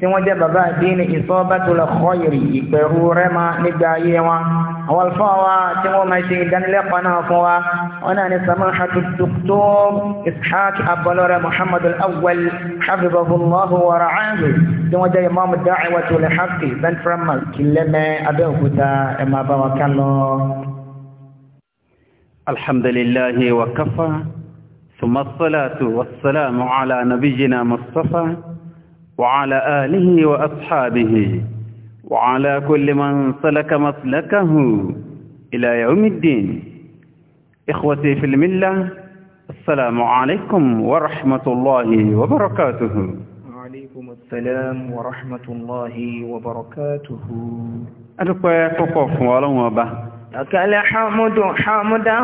tí wọ́n jẹ́ bàbá àdínì ìsọ́bẹ́tòlẹ̀ kọ́yìrì ìpẹ̀rù rẹ́mà nígbà ayé wa àwọn alfa wa tí wọ́n máa ṣe ìdánilẹ́kọ̀ọ́ náà fún wa wọn náà ní samahatu dr ishaq abọlọrẹ muhammad al-awwal hafizahullahu wa ra'ahu tí wọ́n jẹ́ imam ben haqqi central mosque kìlẹ́mẹ́ abẹ́òkúta ẹ̀ máa bá wa kán lọ. alhamdulillahi wa kafa ثم الصلاة والسلام على نبينا مصطفى وعلى آله وأصحابه وعلى كل من سلك مسلكه إلى يوم الدين إخوتي في الملة السلام عليكم ورحمة الله وبركاته وعليكم السلام ورحمة الله وبركاته أدوكي تقف ولوابا لك الحمد حمدا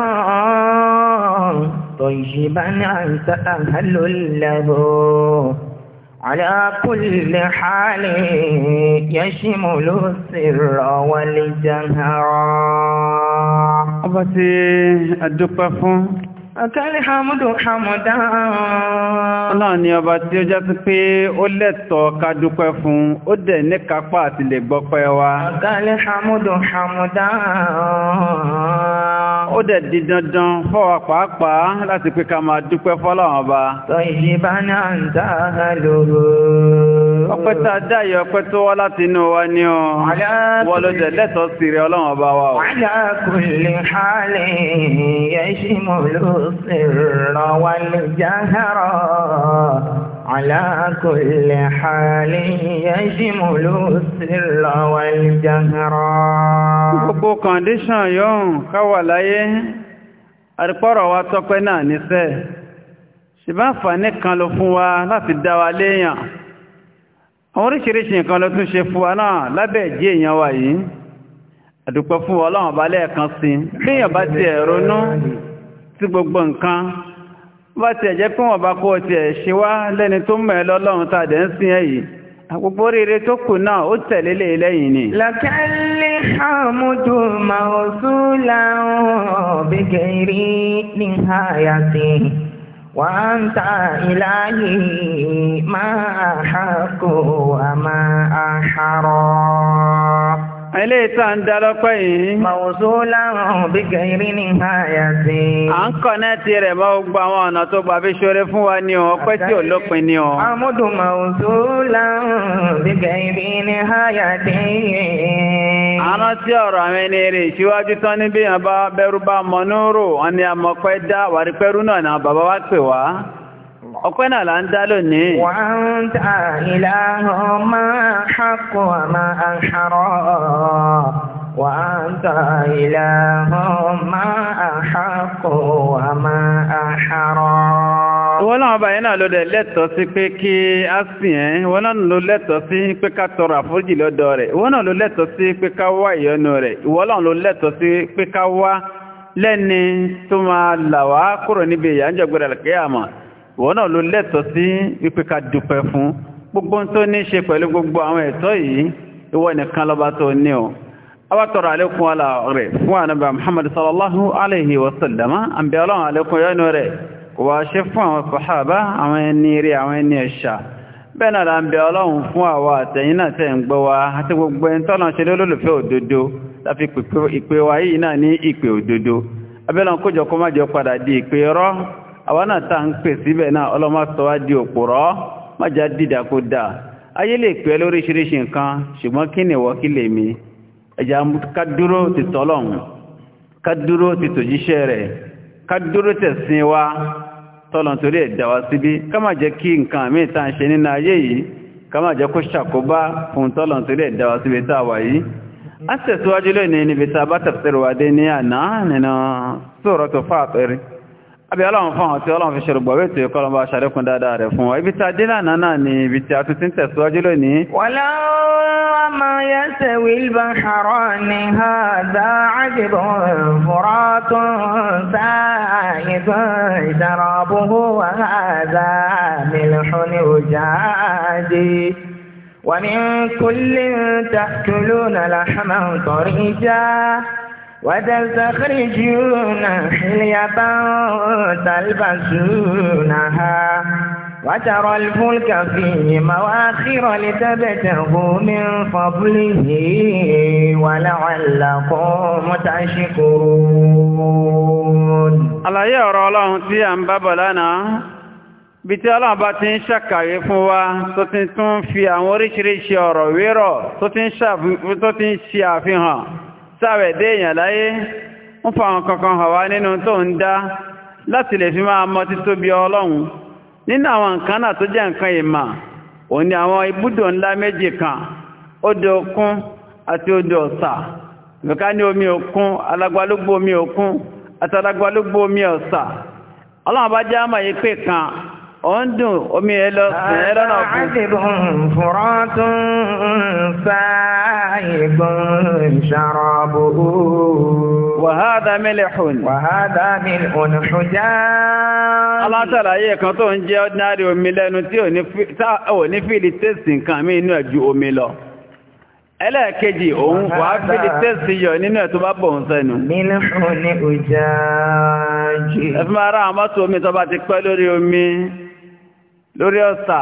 طيبا أنت أهل له على كل حال يشمل السر والجهر Ọ̀tẹ́lẹ̀ Hamudu Hamudan. Ọlọ́run ni ọba tí ó jẹ́ sí pé ó lẹ́tọ̀ọ́ ká dúpẹ́ fún, ó dẹ̀ ní kápá àti lè gbọ́pẹ́ wa. Ọ̀tẹ́lẹ̀ Hamudu Hamudan. Ó dẹ̀ di dandan fọ́wà pàápàá láti pé ká máa dúpẹ́ fọ́lọ́run ọba. Ọpẹ́ tá a dá ọpẹ́ tó wá láti inú wa ni ọ. Wọ́n ló jẹ lẹ́tọ̀ọ́ sí rẹ̀ ọlọ́run ọba wa o. Wàhálà kò lè hálẹ̀ yẹ́ sí mọ̀ lóòrùn. السر والجهر على كل حال يشمل السر والجهر gbogbo kọndíṣàn yóò káwà láyé àrípọ̀rọ̀ wa tọ́pẹ́ náà níṣẹ́ ṣìbá fàní kan ló fún wa láti dá wa léèyàn àwọn oríṣiríṣi ló tún ṣe fún wa náà lábẹ́ ìjì èèyàn wa yìí àdúpẹ́ fún Ọlọ́run bá sí tí gbogbo nǹkan bá ti ẹ̀jẹ́ pé wọ́n bá kó ti ẹ̀ ṣe wá lẹ́ni tó mọ̀ ẹ́ lọ́lọ́run tá a dẹ̀ ń sin ẹ̀ yìí àgbogbo rere tó kù náà ó tẹ̀lé lè e lẹ́yìn ni. lọ́kẹ́lẹ́ àmúdù màòsùlà bìgẹ̀rì ní àyàtì wà ń ta ìláyè máa hàkó àmà àhàrọ̀ ilé ìta ń dá lọ́pẹ́ yìí. màwùsù láwọn bí kẹrin ní àyà sí. à ń kọ́ náà ti rẹ̀ mọ́ gbogbo àwọn ọ̀nà tó gbà fi ṣoore fún wa ni ọ̀ pẹ́ tí ò lópin ni ọ̀. àmúdùn màwùsù láwọn bí kẹrin ní àyà sí. àná tí ọ̀rọ̀ àwọn ẹni rè síwájú tán níbí yàn ọpẹ́ náà là ń dá lónìí. wọ́n ta ìlànà máa ṣàkó àmà àṣàrọ̀ wọ́n ta ìlànà máa ṣàkó àmà àṣàrọ̀. ìwọ náà báyìí náà ló dẹ̀ sí pé kí a sìn ẹ́ ìwọ náà ló lẹ́tọ̀ọ́ sí pé ká tọrọ àforíjì lọ́dọ̀ rẹ̀ ìwọ náà ló lẹ́tọ̀ọ́ sí pé ká wá ìyọ́nú rẹ̀ ìwọ náà ló lẹ́tọ̀ọ́ sí pé ká wá lẹ́ni tó máa là kúrò níbi ìyà ń jọ gbọ́dọ̀ kíyàmá wọ́n náà ló lẹ́tọ̀ sí wípé ká dúpẹ́ fún gbogbo tó ní ṣe pẹ̀lú gbogbo àwọn ẹ̀tọ́ yìí ìwọ nìkan lọ́ba tó ní ọ awátọrọ àlékún ọlá rẹ̀ fún ànábà muhammad sallallahu alaihi wasallama àbí ọlọ́run àlékún yọ́nú rẹ̀ kò wá ṣe fún àwọn sàhábà àwọn ẹni rí àwọn ẹni ẹ̀ṣà bẹ́ẹ̀ náà la ń bẹ ọlọ́run fún àwa àtẹ̀yìn náà tẹ̀ ń gbọ́ wa àti gbogbo ẹni tọ́lọ́n di ìpè àwọn náà tá ń pè síbẹ̀ náà ọlọ́mọ sọ wá di òpòrọ́ má já dìdà kó dà ayé lè pẹ́ lóríṣiríṣi nǹkan ṣùgbọ́n kí ni ìwọ kí lè mi ẹ̀já ká dúró ti tọ́lọ́hún ká dúró ti tòjíṣẹ́ rẹ̀ ká dúró tẹ̀sìn wa tọ́lọ̀n torí ẹ̀dá wa síbí ká má jẹ́ kí nǹkan míì tá ń ṣe nínú ayé yìí ká má jẹ́ kó ṣàkóbá fún tọ́lọ̀n torí ẹ̀dá wa síbí tá wà yìí a tẹ̀síwájú lónìí níbi tá a bá tafsir wa dé ní àná nínú Suratu Fatir àbí ọlọ́run fún àwọn tí ọlọ́run fi ṣerùgbọ̀ wé tí ó kọ́lọ̀ bá ṣàrékún dáadáa rẹ̀ fún wa ibi tí dínà náà ni ibi tí a tún ti ń tẹ̀síwájú lónìí. wọ́lá ọmọ yẹsẹ̀ wilbur haron ni ha dá àjẹbọ̀ fúra tó ń ta àyẹ̀bọ̀ ìdárabùhù wà á dá ní ọjà dé. wà ní kúlẹ̀ tàkùlù náà làhámà tọ́rí já. وتستخرجون حلية تلبسونها وترى الفلك فيه مواخر لتبتغوا من فضله ولعلكم تشكرون àlàyé ọ̀rọ̀ Ọlọ́run tí a ń bá bọ̀ lánàá bí tí Ọlọ́run bá ti ń ṣàkàwé fún wa tó ti tún fi àwọn oríṣiríṣi ọ̀rọ̀ wérọ̀ tó ti ń ṣe àfihàn sáwẹ̀ dé èèyàn láyé ń fa àwọn kankan hàn wá nínú tó ń dá láti lè fi máa mọ títóbi ọlọ́run nínú àwọn nǹkan náà tó jẹ́ nǹkan ìmà òun ni àwọn ibùdó ńlá méjì kan odò àti odò ọ̀sà ní omi òkun omi okun àti omi ọ̀sà ọlọ́run bá jẹ́ àmà yìí pé kan omi ẹlọ́sìn شارب شرابه وهذا ملح وهذا ملح حجاج alátàlàyé kan tó ń jẹ́ ordinary omi lẹ́nu tí ò ní fìlì tẹ́sì nǹkan mí inú ẹ̀jú omi lọ ẹlẹ́ẹ̀kejì òun wà fìlì tẹ́sì yọ nínú ẹ̀ tó bá bọ̀ ń sẹ́nu mílíọ̀nù ní ọjà jì ẹfún ara àwọn mọ́tò omi tó bá ti pẹ́ lórí omi lórí ọ̀sà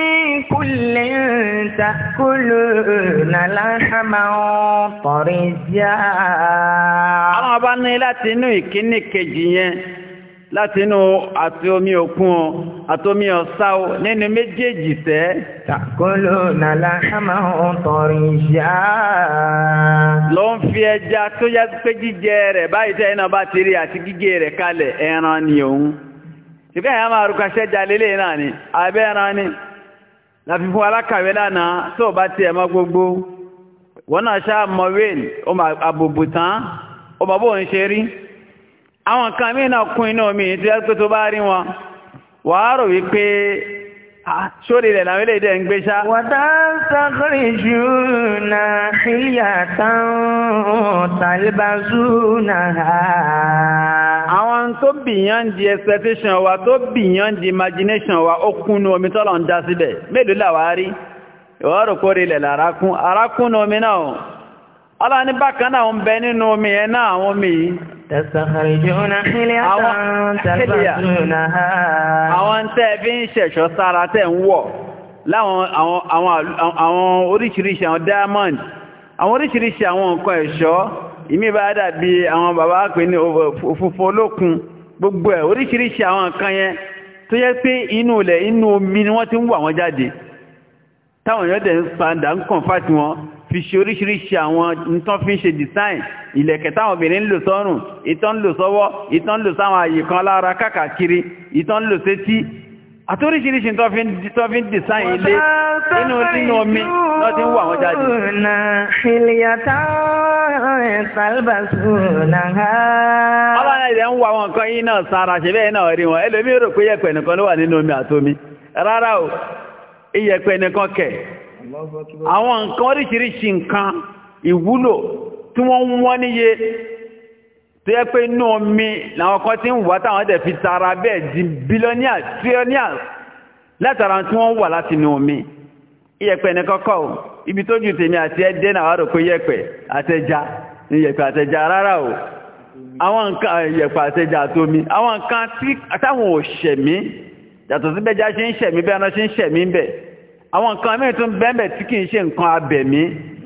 تأكلون لحما طريا àwọn ọba ní láti inú ìkíní kejì yẹn láti inú àti omi òkun o àti omi ọ̀sá o nínú méjèèjì tẹ́. tàkóló nàlá hàmà ń tọrin yá. ló ń fi ẹja tó yá pé jíjẹ rẹ̀ báyìí tẹ́ iná bá ti rí àti gígé rẹ̀ kalẹ̀ ẹran ni òun. ṣùgbọ́n ìyá máa rúkọ na fi fún alákàwé lánàá tó bá ti ẹ̀mọ́ gbogbo wọ́n náà ṣáà mọ̀ wéèn o ma àbòbò tán o ma bó ń ṣe rí àwọn kan mí náà kún inú omi tí ẹ́ pé tó bá rí wọn wà á rò wípé sórí rẹ̀ làwọn ilé ìdẹ́ ń gbé ṣá. wọ́tá sọ́kùnrin jù náà ìyá tán tàlíbà zù náà àwọn tó beyond the expectation wa tó beyond the imagination wa ó kúnnú omi tọ́lọ̀ ń dá síbẹ̀ mélòó làwá rí ìwọ́rò kó rí lẹ̀lẹ̀ arákún arákún omi náà ọlá ní bákan náà ń bẹ nínú omi ẹ̀ náà àwọn omi yìí àwọn tẹ́ fi ń ṣẹ̀ṣọ́ sára tẹ́ ń wọ̀ láwọn ìmí bá dàbí àwọn bàbá pè ní òfófó olókun gbogbo ẹ̀ oríṣiríṣi àwọn nǹkan yẹn tó yẹ pé inú ilẹ̀ inú omi ni wọ́n ti ń wà wọ́n jáde táwọn èèyàn dẹ̀ ń padà ń kàn fáti wọn fi ṣe oríṣiríṣi àwọn nǹkan fi ń ṣe design ìlẹ̀kẹ̀ táwọn obìnrin ń lò sọ́rùn ìtàn ń lò sọ́wọ́ ìtàn ń lò sáwọn àyè kan lára káàkiri ìtàn ń lò sétí àtóríṣìíríṣìí tó fi ń dìsáì ilé inú nínú omi lọ́dí ń wà wọ́n jáde. ọ̀nà ìlìyàtà ìsàlbàṣù náà. ọlọ́run ilẹ̀ ń wà wọn nǹkan yìí náà sára ṣe bẹ́ẹ̀ náà rí wọn ẹlòmí rò pé yẹ̀pẹ̀ nìkan ló wà nínú omi àtomi rárá o iyẹ̀pẹ̀ nìkan kẹ̀ àwọn nǹkan oríṣìíríṣìí nǹkan ìwúlò tí wọ́n ń wọ́n níye tó yẹ pé inú omi làwọn kan ti ń wà táwọn dẹ̀ fi tara bẹ́ẹ̀ di billionaires trillionaires látara tí wọ́n wà láti inú omi iyẹ̀pẹ̀ ní kọ́kọ́ o ibi tó ju tèmi àti ẹdẹ́ náà wà rò pé yẹ̀pẹ̀ àtẹja iyẹ̀pẹ̀ àtẹja rárá o àwọn nǹkan iyẹ̀pẹ̀ àtẹja àtomi àwọn nǹkan táwọn ò ṣẹ̀mí yàtọ̀ sí bẹ́jà ṣe ń ṣẹ̀mí bẹ́ẹ̀ náà ṣe ń ṣẹ̀mí bẹ́ẹ̀ àwọn nǹkan mìíràn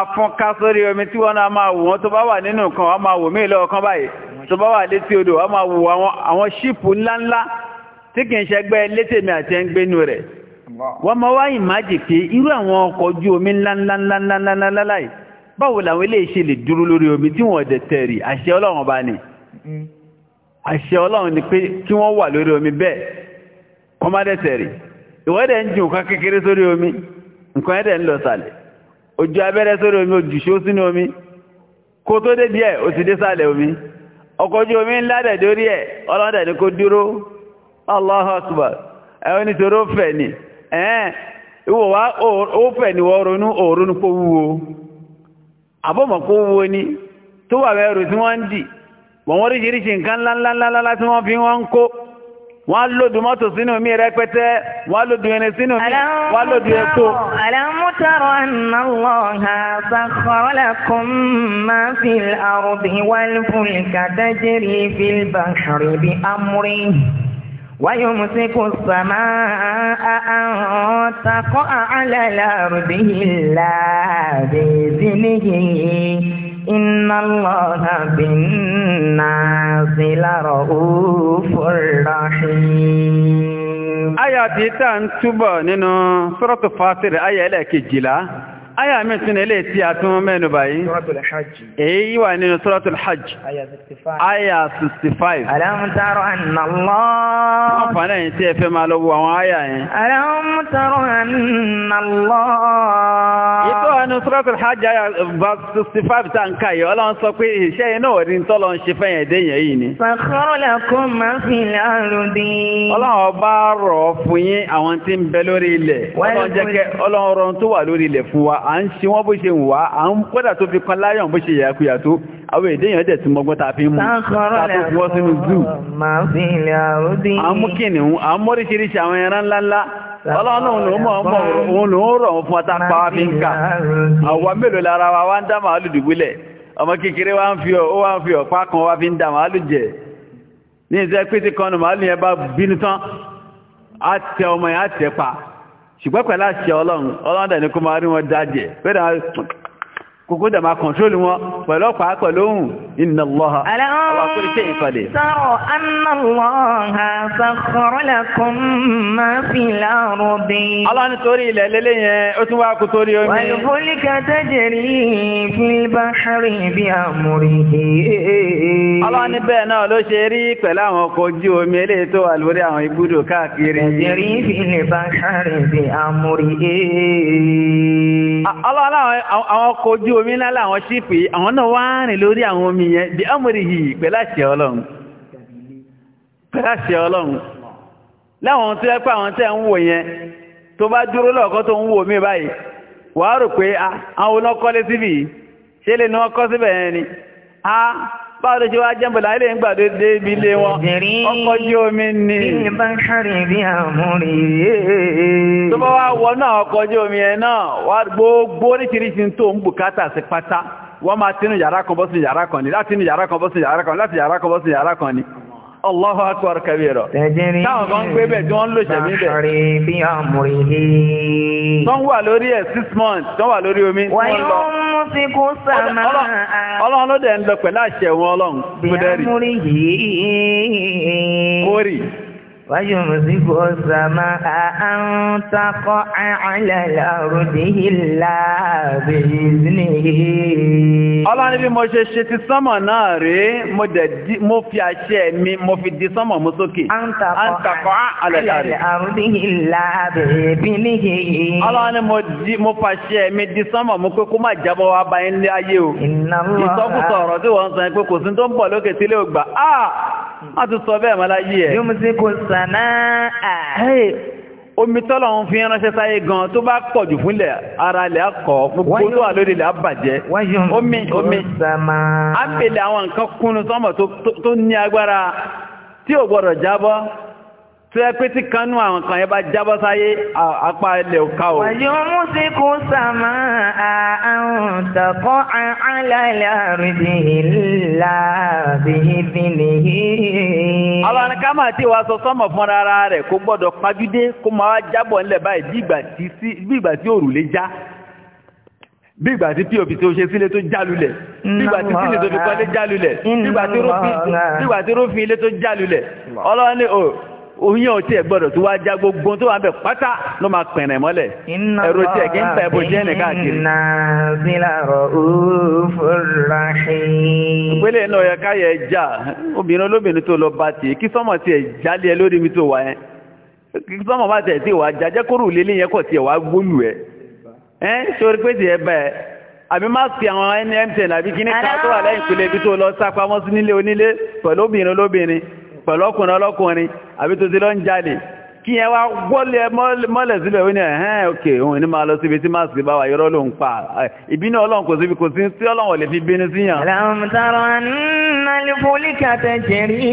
máa fún ká sórí omi tí wọ́n náà máa wò wọ́n tó bá wà nínú nǹkan wọ́n máa wò mí lọ́ọ̀kan báyìí tó bá wà létí odò wọ́n máa wò àwọn ṣípù ńláńlá tí kì í ṣẹgbẹ́ létèmi àti ẹgbẹ́nu rẹ̀ wọ́n máa wá ìmájì pé irú àwọn ọkọ̀ ojú omi ńláńláńláńláńláńlá yìí báwo làwọn eléyìí ṣe lè ojú abẹ́rẹ́ sórí omi òjìṣó sínú omi kó tó dé díẹ̀ ó ti dé sàlẹ̀ omi ọkọ̀ ojú omi ńlá dẹ̀ dórí ẹ̀ ọlọ́dẹ̀ ni kó dúró Allahu Akbar ẹ̀wọ́n nítorí ó fẹ̀ ni ẹ̀ẹ́n ìwò wá ó fẹ̀ ni wọ́n ronú òórùn kó wúwo àbọ̀mọ̀ kó wúwo ni tó wà mẹ́rù tí wọ́n ń dì wọ́n nǹkan ńláńláńlá tí wọ́n fi wọ́n ń kó wọ́n lòdù mọ́tò sínú mi rẹpẹtẹ wọ́n lòdù irin sínú mi wọ́n lòdù epo. alamutara anamlọha safaralakum ma fi ardi walfulka tajri fil bahri bi amri wayumsiku samaa an taqa ala al-ardi illa bi iznihi. إن الله بالناس لرؤوف رحيم آية تيتان تبا نينو سورة فاطر آية لك جلا aya mi tún ilé tí a tún mẹ́nu báyìí èyí wà nínú suratul hajj aya 65 alam tara anna Allah wọ́n fàánà yìí tí ẹ fẹ́ máa lọ wo àwọn aya yẹn alam tara anna Allah suratul hajj verse sixty five tá n ká yìí ọlọ́run sọ pé iṣẹ́ iná ò rí ń tọ́lọ́ ń ṣe fẹ́yìn ẹ̀dẹ́ yìí ni. sakhkhara lakum àwọn tí jẹ́ fi kan láyọ̀n bó ṣe yàkuyà tó àwọn èdè yẹn dẹ̀ tí mọ́gbọ́n ta fi mú tàbí wọ́n sínú zoo. à ń mú àwọn ẹran ńláńlá ọlọ́run òun mọ̀ mọ̀ òun lòun rọ̀ fún ọta pa wá fi ń kà àwọn mélòó lára wa wá ń dá màálù dùgbúlẹ̀ ọmọ kékeré wá ń fi ọ̀ wá ń fi ọ̀pá kan wá fi ń dá màálù jẹ ní ìṣẹ́ pété kan màálù yẹn bá bínú tán á tẹ ọmọ yẹn á tẹ pa ṣùgbọ́n pẹ̀lú àṣẹ ọlọ́run ọlọ́run dẹ̀ ní kó máa rí wọn dájẹ́ pé kòkó dẹ̀ máa kọ̀ntrólù wọn pẹ̀lú ọ̀pàá pẹ̀lú ohun iná lọ́ha àwọn akórí tẹ́ ìkọlẹ̀. sọ̀rọ̀ anáwọ̀ha sàkọ̀rọ̀lẹ̀kùn máa fi láàrùn bí. ọlọ́ni torí ilẹ̀ lélẹ̀ yẹn ó tún wá kú torí omi. wàlú àwọn ibùdó káàkiri. tẹ́jẹ̀rí fílbà ṣárí bí àmúrí. ọlọ́ni àwọn ọkọ̀ ojú omi ńlá láwọn ṣífì àwọn náà wá rìn lórí àwọn omi yẹn di ọmọrìhì pẹ̀láṣẹ ọlọ́run pẹ̀láṣẹ ọlọ́run láwọn tó yẹ pé àwọn tẹ́ ń wò yẹn tó bá dúró lọ́ọ̀kọ́ tó ń wò mí báyìí wàá rò pé ah, àwọn olókọ́lé síbì báwọn ṣe wá jẹ́mbọ̀lá ilé ń gbà dédé ibi ilé wọn ọkọ̀ jí omi ní tó bá wá wọ náà ọkọ̀ jí omi ẹ̀ náà wá gbogbo oríṣiríṣi tó ń bùkátà sí pátá wọ́n máa tínú yàrá kan bọ́ sí yàrá kan ní láti inú yàrá kan bọ́ sí yàrá kan láti yàrá kan bọ́ sí yàrá kan ní Allahu akbar kabira. Táwọn kan gbé bẹ̀ tí wọ́n ń lò ṣẹ̀mí wà lórí ẹ̀ six months, tọ́n wà lórí omi, wọ́n lọ sí kú sàmà. Ọlọ́run ló dẹ̀ ń lọ pẹ̀lú àṣẹ wọn ọlọ́run. Bí a múrí yìí. Kórì. ويمسك السماء أن تقع على الأرض إلا بإذنه Ọlọ́run bí mo ṣe ṣe ti sánmọ̀ náà rí, mo fi àṣẹ mi, mo fi di sánmọ̀ mú sókè. A ń tàkọ́ àlẹ́lẹ́ àrùdí ìlà bèbí níhe. Ọlọ́run mo fàṣẹ mi di sánmọ̀ mú pé kó má jábọ́ wá bá ilé ayé o. Ìsọkùsọ̀ ọ̀rọ̀ tí wọ́n sọ pé kò sí tó ń bọ̀ lókè sílé ògbà. Ah! Hmm. a ti sọ bẹ́ẹ̀ mọ́lá yí ẹ̀. yóò sí kò sànà à. omi tọ́lọ̀ ń fi ránṣẹ́ sáyé gan tó bá pọ̀ jù fúnlẹ̀ ara lẹ̀ akọ̀ gbogbo tó wà lórí lẹ̀ abàjẹ́ omi omi á àwọn nǹkan kúnnu sọ́mọ̀ tó ní agbára tí ò gbọ́dọ̀ jábọ́ tó yẹ pé tí kanú àwọn kan yẹ bá jábọ́ sáyé apá ilẹ̀ òká o. wàyó músí sàmà àwọn tàkọ́ àlàlẹ́ àrídì nìyí. ọlọ́run ká máa tí wàá sọ sọ́mọ̀ fún ara rẹ̀ kó gbọ́dọ̀ pajúdé kó máa jábọ̀ ńlẹ̀ báyìí bí ìgbà tí òrùlé já bí ìgbà tí pop tí ó ṣe sílé tó jálulẹ̀ bí ìgbà tí sílé tó fi kọ́lé jálulẹ̀ bí ìgbà tí rófin ilé tó jálulẹ̀ ọlọ́run o oyin ọtí ẹ gbọ́dọ̀ tó wá já gbogbo tó wà bẹ pátá ló máa pẹrẹ mọ́lẹ̀ ẹrù tí ẹ kí n ta ẹbùn jẹ nìkan kiri. iná sílárọ̀ òfurufurahìn. ìpínlẹ̀ náà yẹ ká yẹ já obìnrin olóbìnrin tó lọ bá tiẹ̀ kí sọ́mọ̀ tiẹ̀ jálé ẹ lórí mi tó wà yẹn kí sọ́mọ̀ bá tiẹ̀ tí wà á jájẹ́ lélẹ̀ yẹn kọ̀ tiẹ̀ wà gbólù ẹ̀ ẹ́ sori pé tiẹ̀ bá ẹ̀ àbí má fi àwọn nmtn àbí kíní ká tó wà lẹ́yìn ìpínlẹ̀ ibi tó lọ sápamọ́ sí nílé onílé pẹ̀lú obìnrin olóbìnrin pẹ̀lú ọkùnrin ọlọ́kùnrin àbí tó ti lọ ń jalè tí yẹn wá wọ́lẹ̀ mọ́lẹ̀ sílẹ̀ ó ní ẹ̀hẹ́n òkè òun ní máa lọ síbi tí máa sì bá wà yọ́rọ́ ló ń pa ìbínú ọlọ́run kò síbi kò sí tí ọlọ́run lè fi bínú síyàn. alam tara anna al-fulka tajri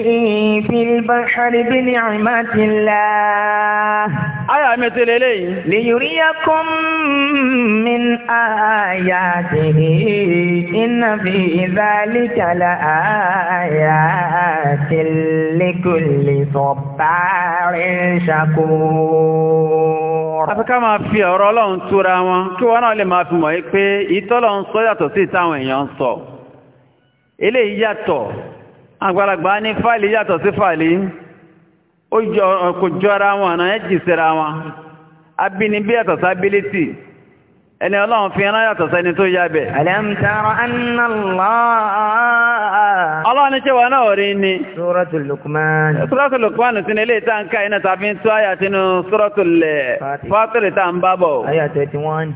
fil bahri bi ni'matillah. àyà mi ti lélẹ̀ yìí. li yuriyakum min ayatihi inna fi dhalika la ayatin li kulli sabarin ṣàkóso. شكور Afẹ́ká máa fi ọ̀rọ̀ Ọlọ́run túra wọn kí wọ́n náà lè máa fi mọ̀ pé ìtọ́lọ̀ sọ yàtọ̀ sí ìtàwọn èèyàn sọ. Ilé ìyàtọ̀, àgbàlagbà ní fàìlì yàtọ̀ sí fàìlì, ó kò jọra wọn náà ẹ́ jìsẹ́ra wọn. Abínibí yàtọ̀ sábílítì, ẹni Ọlọ́run fi ẹran yàtọ̀ sẹ́ni tó Ọlọ́run ní ṣe wọ náà rí ni. Súrọ́tù Lukman. Súrọ́tù Lukman sí ní ilé ìtànká iná tàbí tó àyà sínú Súrọ́tù Fátírì tá ń bábọ̀. Àyà 31.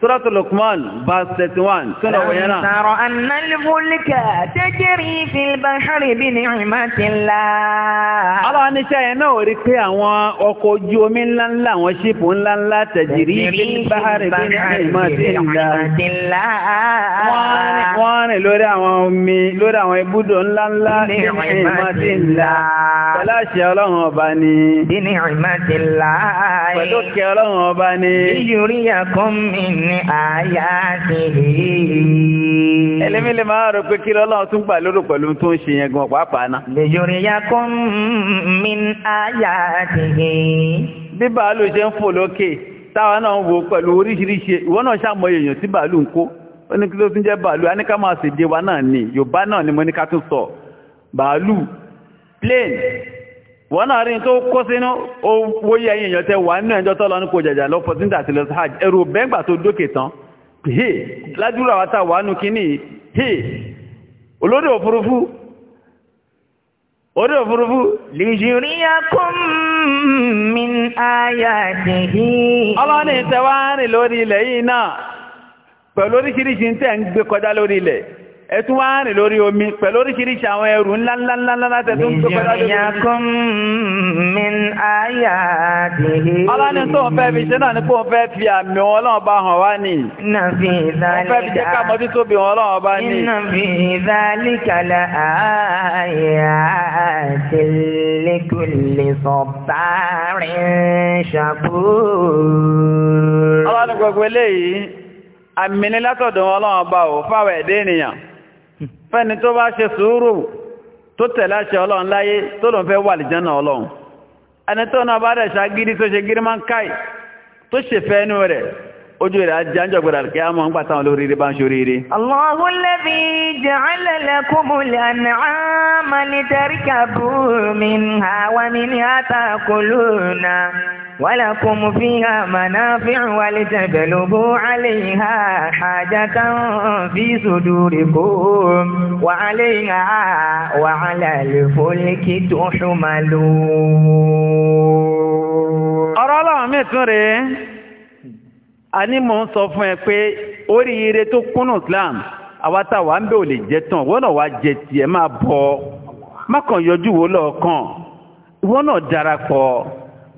سورة لقمان باس 31 سورة وينا ترى أن الفلك تجري في البحر بنعمة الله الله نشاء نوري كي أوان أقوجو من لن لا وشيب لن لا تجري في البحر بنعمة الله وان لوري أوان أمي لوري أوان إبودو لن لا بنعمة الله فلا شيء الله بني بنعمة الله فلوك الله بني يريكم من ní àyà ti hì í. ẹlẹ́mi lè máa rò pé kí lọ́lọ́run tún gbà lérò pẹ̀lú tó ń ṣe yẹn gan pàápàá náà. lè yorí ya kó mi àyà ti hì í. bí bàálù ṣe ń fò lókè táwa náà ń wò pẹ̀lú oríṣiríṣi ìwọ náà ṣàmọye èèyàn tí bàálù ń kó ó ní kí ló tún jẹ́ bàálù aníkà máa ṣèdè wa náà ni Yorùbá náà ni mo ní ká tún sọ bàálù plane wọ́n náà rí tó kó sínú owóyẹ èèyàn tẹ wà ẹjọ́ tọ́lọ ní kò jẹjà lọ pọ̀tíntà àti lọ hajj ẹrù bẹ́ngbà tó dókè tán hì lájúrò àwátà wà ní hì òfurufú òfurufú ọlọ́ni lórí ilẹ̀ yìí náà pẹ̀lú oríṣiríṣi ẹ̀tún wá rìn lórí omi pẹ̀lú oríṣiríṣi àwọn ẹrù ńláńláńlá tẹ́tún tó pẹ́lá lórí omi. ọlọ́ni tó ń fẹ́ fi ṣe náà ní kó ń fẹ́ fi àmì wọn ọlọ́ni gbogbo eléyìí àmì ní látọ̀dọ̀ wọn bá ò fáwọn ẹ̀dẹ́ ènìyàn fẹ́ni tó bá ṣe sùúrù tó tẹ̀lé àṣẹ ọlọ́run láyé tó lòun fẹ́ wà lìjánà ọlọ́run ẹni tó náà bá rẹ̀ ṣagídí tó ṣe gírí máa ń káì tó ṣe fẹ́ inú rẹ̀ ojú rẹ̀ ajájọ́ gbọ́dà kí a mọ́ ń pàtàkì olóríire bá ń ṣoríire. Allahu ولكم فيها منافع ولتبلغوا عليها حاجة في صدوركم وعليها وعلى الفلك تحملون ọ̀rọ̀ ọlọ́run mi tún rèé a ní mò ń sọ fún ẹ pé oríire tó kúnnù Islam àwátàwà ń bẹ̀ ò lè jẹ tán wọ́n náà wá jẹ tiẹ̀ máa bọ̀ mákàn yọjú wo lọ́ọ̀kan ìwọ́n náà darapọ̀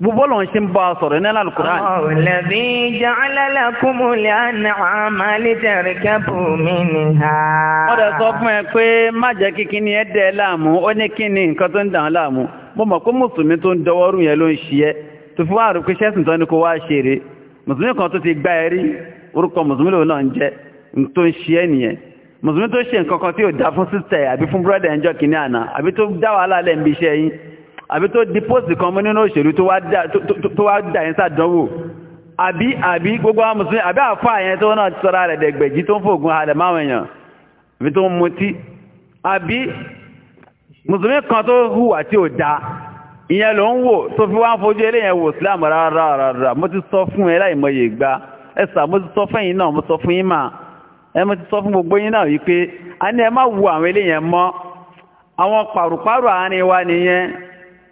gbogbo lọ́n ṣe ń bá a sọ̀rọ̀ ní alukur'an. ọ̀lẹ́bí jàǹlẹ́lẹ̀ kúmùlẹ̀ ànàmà lítẹ̀rì kẹ́pù mi nìha. wọ́n dẹ̀ sọ fún ẹ pé má jẹ́ kí ẹ láàmú ó ní nǹkan tó ń dàn án láàmú mo mọ̀ pé mùsùlùmí tó ń yẹn ló ń tó fi wá àrùn pé wá ṣe rè mùsùlùmí kan tó ti ẹ rí orúkọ mùsùlùmí lòun náà ń àbí tó di pósì kan mú nínú òṣèlú tó wá dà yín sàdánwò àbí àbí gbogbo àwọn mùsùlùmí àbí àfà yẹn tó náà sọ́ra rẹ̀ dẹ̀gbẹ̀jí tó ń fògùn halẹ̀ máwọn èèyàn àbí tó ń mutí àbí mùsùlùmí kan tó hùwà tí ò da ìyẹn ló ń wò tó fi wá ń fojú eléyẹn wò sílámù rárá rárá mo ti sọ fún ẹ láìmọye ìgbà ẹ sà mo ti sọ fún yín náà mo sọ fún yín mà ẹ mo ti sọ fún gbogbo yín náà yìí pé a ní ẹ má wo àwọn eléyẹn mọ́ àwọn pàrùpàrù àárín wa nìyẹn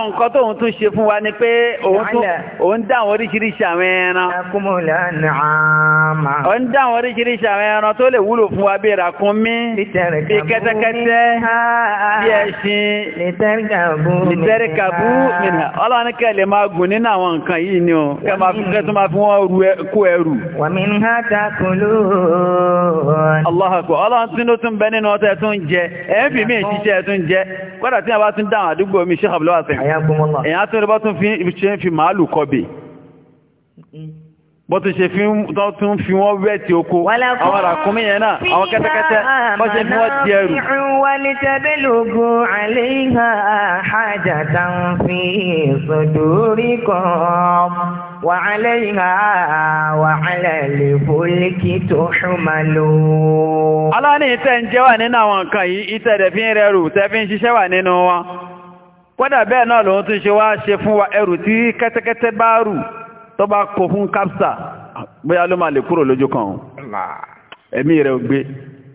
ọlọ́run nǹkan tóun tún ṣe fún wa ni pé òun dá àwọn oríṣiríṣi àwọn ẹran òun dá àwọn oríṣiríṣi àwọn ẹran tó lè wúlò fún wa bí ìràkúnmí bí kẹ́tẹ́kẹ́tẹ́ bí ẹṣin lìtẹ́ríkàbú mìíràn ọlọ́run ní kẹ́lẹ̀ máa gùn nínú àwọn nǹkan yìí ni o kẹ́tún máa fi wọ́n kó ẹrù ọlọ́run tún tún bẹ nínú ọtẹ́ tí àyàkùnmọ́lá. èyàn tó rí bọ́ tún fi ṣe ń fi màálù kọbẹ̀ bó ti ṣe fi tún fi wọ́n wẹ́ ti oko àwọn àràkúnmí yẹn náà àwọn kẹ́tẹ́kẹ́tẹ́ bó ṣe fi wọ́n di ẹrù. wàlẹ̀ ìtẹ́ ń jẹ́ wà nínú àwọn nǹkan yìí ìtẹ́ rẹ̀ fi ń rẹ̀ tẹ́ fi ń ṣiṣẹ́ wà nínú wọn kódà bẹ́ẹ̀ náà lòun tún ṣe wá ṣe fún wa ẹrù tí kẹ́tẹ́kẹ́tẹ́ bá rù tó bá kó fún kápsà bóyá ló máa lè kúrò lójú kan ẹ̀mí rẹ̀ gbé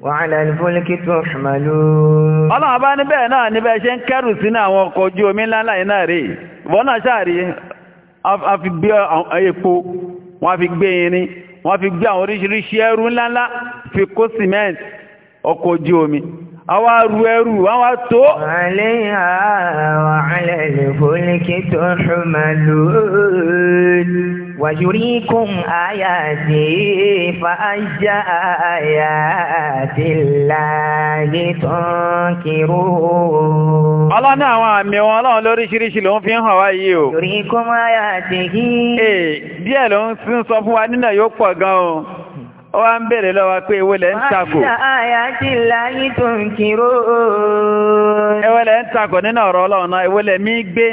ọlọ́run bá níbẹ̀ náà níbẹ̀ ṣe ń kẹ́rù sínú àwọn ọkọ̀ ojú omi ńláńlá yìí náà rèé ìwọ náà wọ́n fi gbé irin wọ́n fi gbé àwọn oríṣiríṣi ẹrù ńláńlá fi kó cement ọkọ̀ ojú omi àwa rú ẹrù àwa tó. àléyà wà alẹ́lẹ̀ fólíkì tó ṣùmọ̀lú wàjúríkùn àyà sí fàájà àyà àti láàyè tó kìrò. ọlọ́nà àwọn àmì wọn ọlọ́run lóríṣiríṣi ló ń fi ń hàn wá yìí o. wàjúríkùn àyà sí kí. ee díẹ̀ ló ń sọ fún wa nínà yóò pọ̀ gan-an ó wá ń bèèrè lọ́wọ́ pé ìwọlẹ̀ ń takò. ìwọlẹ̀ ń takò nínú ọ̀rọ̀ ọlọ́run náà ìwọlẹ̀ mi gbé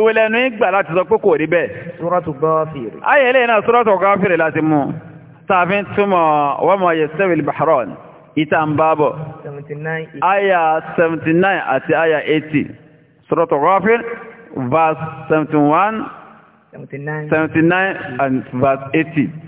ìwọlẹ̀ ní ìgbà láti sọ pé kò rí bẹ́ẹ̀. Suratu Ghafir. ayẹ̀lẹ̀ náà Suratu Ghafir láti mú tààfin túmọ̀ wọ́n mọ̀ yẹ sẹ́wìl bahrain ìta ń bábọ̀. aya 79 àti aya 80 Suratu Ghafir verse 71 79 and verse 80.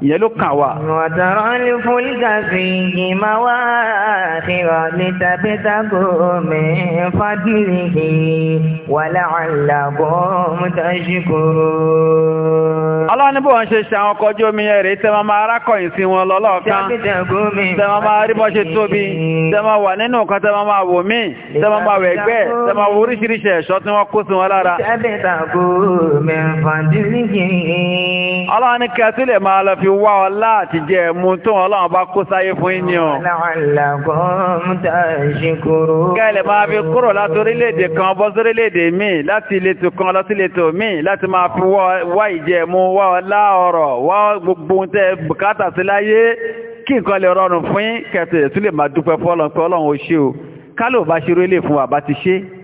ìyẹn ló kàn wá. wàtàrọ́ ní fúlgà fi ìgbìmọ̀ wá àṣírọ̀ ní tàbítàgò mi fàdílìhì wàlà àlàbọ̀ mùtàṣíkòrò. ọlọ́ni bó ń ṣe ṣe àwọn ọkọ̀ ojú omi yẹn rèé tẹ́ máa máa rákọ̀yìn sí wọn lọ́lọ́ọ̀kan tẹ́ máa máa rí bọ́ ṣe tóbi tẹ́ máa wà nínú nǹkan tẹ́ máa máa wò mí tẹ́ máa máa wẹ̀gbẹ́ tẹ́ máa wo oríṣiríṣi ẹ̀ṣọ́ tí wọ́n kó sí wọn lára. ọlọ́ni kẹ́tù lè fi wá ọlá àti jẹ ẹ̀mú tó wọn ọlọ́run bá kó sáyé fún yín ni o. kẹ́lẹ̀ máa fi kúrò láti orílẹ̀-èdè kan bọ́ sí orílẹ̀-èdè míì láti ìletò kan lọ sí ìletò míì láti máa fi wá ìjẹ ẹ̀mú wá ọlá ọ̀rọ̀ wá gbogbo ohun tẹ́ bùkátà sí láyé kí nǹkan lè rọrùn fún yín kẹtẹ̀ tún lè máa dúpẹ́ fọ́lọ́n pé ọlọ́run ó ṣe o ká ló bá ṣe orílẹ̀ fún wa bá ti ṣe é.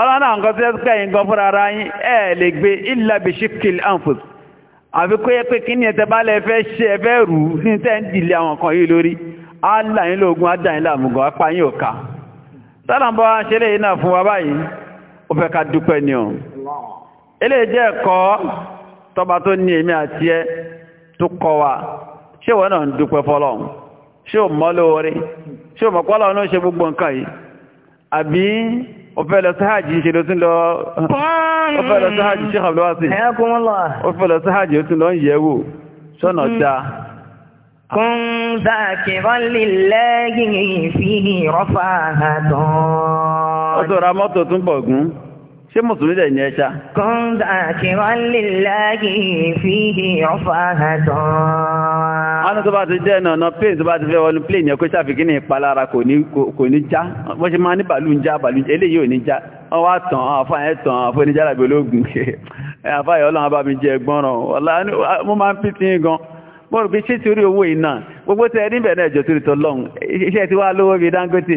ọlọ́nà nǹkan tí ó ti kẹ́yìn ara yín ẹ̀ lè gbé illa bi shikil anfus kó yẹ pé kí ní ẹ̀tẹ́ bá lẹ́ ṣe ẹ̀fẹ́ rú ní tẹ́ ń dìlé àwọn kan yìí lórí aláyín lóògùn adáyín láàmùgọ̀ apá yìí ò ṣe gbogbo nǹkan àbí وفعل سهاجي شي لو تنلو وفعل سهاجي شيخ عبد الواسع حياكم الله وفعل سهاجي تنلو يهو سنة دا كن ذاكرا لله فيه رفاهة ọ̀tọ̀ra mọ́tò tún bọ̀gún ṣé mùsùlùmí dẹ̀ ní ẹja. kọ́ńdà kìrọ̀ lílàgì fi ọ̀fà àtọ̀. wọ́n tó bá ti jẹ́ ẹ̀nà ọ̀nà plane tó bá ti fẹ́ wọnú plane yẹn kó ṣàfikí ní ìpalára kò ní já wọ́n ṣe máa ní bàálù ń já bàálù eléyìí ò ní já wọ́n wá tàn án àfáà yẹn tàn án fún ìjára gbẹlógún àfáà yẹn ọlọ́run bá mi jẹ gbọ́ràn mo máa ń pín sí gan mo rò pé ṣé torí owó iná gbogbo tẹ ẹ níbẹ̀ náà ìjọ torí tọ́lọ́run iṣẹ́ ti wá lówó bíi Dangote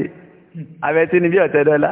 àbẹ̀tí ni bí ọ̀tẹ́ dọ́là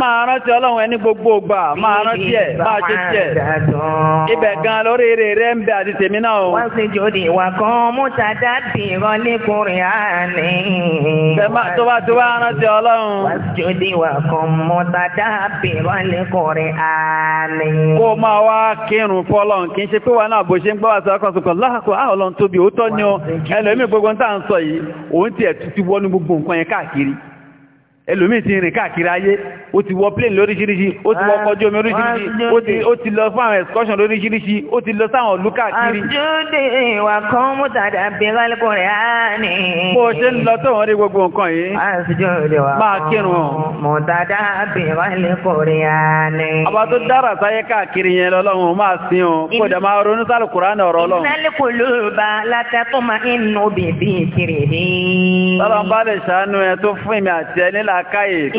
Máa rántí ọlọ́run ẹni gbogbo gbà, máa rántí ẹ̀, máa ṣe tí Ibẹ̀ gan lórí eré rẹ̀ ń bẹ àti tèmi náà o. Wọ́n ti jòdì ìwà kan mú tàdá bì rán lẹ́kùnrin Tó bá tó bá rántí ọlọ́run. Wọ́n ti jòdì ìwà kan mú tàdá bì Kó máa wá kírun kì í ṣe pé wà náà bó ṣe ń gbọ́ láàkó tóbi òótọ́ ni ẹlòmíì gbogbo ń tà ń sọ yìí òun tiẹ̀ wọnú gbogbo nǹkan yẹn káàkiri. ẹlòmíì ti rìn káàkiri ayé ó ti wọ plane lóríṣiríṣi ó ti wọ kọjú omi oríṣiríṣi ó ti lọ fún àwọn excursion lóríṣiríṣi ó ti lọ sáwọn ìlú káàkiri. àjọyọ̀dé ìwà kan mú tàdà bí lálẹ́kùn rẹ̀ á ní. bó o ṣe ń lọ tó wọn rí gbogbo nǹkan yìí. àjọyọ̀dé ìwà kan mú tàdà bí lálẹ́kùn rẹ̀ á ní. àbá tó dára sáyé káàkiri yẹn lọ́lọ́run máa sin o kó dẹ̀ máa ronú sálù kùránì ọ̀rọ̀ ọlọ́run làákàyè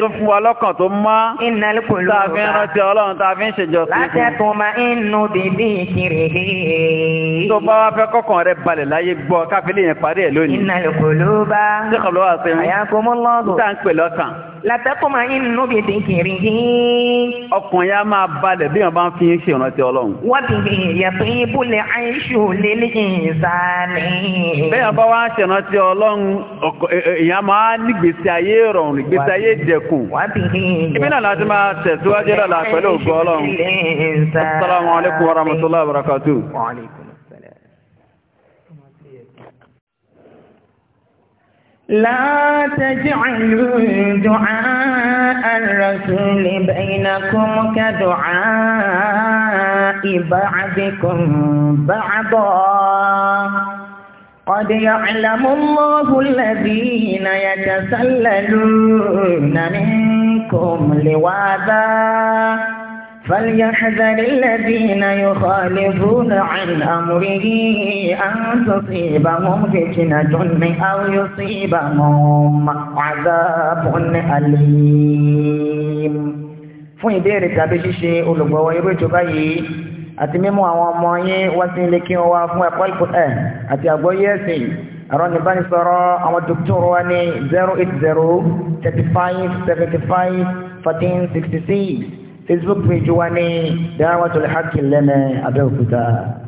tó fún wa lọ́kàn tó mọ́ tàbí rántí ọlọ́run tàbí ń ṣèjọsìn látẹ́kùn ma inú bíbí kiri tó bá wá fẹ́ kọ́kàn rẹ balẹ̀ láyé gbọ́ káfílẹ̀ yẹn parí ẹ̀ lónìí látẹ́kùnmá inú bíi dìkìrì yìí. ọkùnrin yá máa balẹ̀ bí wọn bá ń fi ṣe ìrántí ọlọ́run. wọ́n ti fi ìyẹ̀fun ibùlẹ̀ àìṣù lélẹ̀ ìsáni. bẹ́ẹ̀ bá wá ń ṣèrántí ọlọ́run ìyá máa nígbèsí ayé rọrùn ìgbésí ayé dẹkùn. wọ́n ti fi ìyẹ̀fun ibùlẹ̀ àìṣù lélẹ̀ ìsáni. لا تجعلوا دعاء الرسول بينكم كدعاء بعضكم بعضا قد يعلم الله الذين يتسللون منكم لواذا فليحذر الذين يخالفون عن أمره أن تصيبهم فتنة أو يصيبهم عذاب أليم fún ìbéèrè tàbí ṣíṣe olùgbọ̀wọ́ irú ètò báyìí àti mímú àwọn ọmọ yín wá sí ilé kí wọ́n wá fún ẹ̀kọ́ ẹ̀ àti àgbọ́yé ẹ̀sìn ẹ̀rọ ìbánisọ̀rọ̀ àwọn dókítọ̀rọ̀ wa ní 080 35 75 14 66 facebook page wa ní dáwàtò lẹ́hàkì lẹ́nà abẹ́òkúta.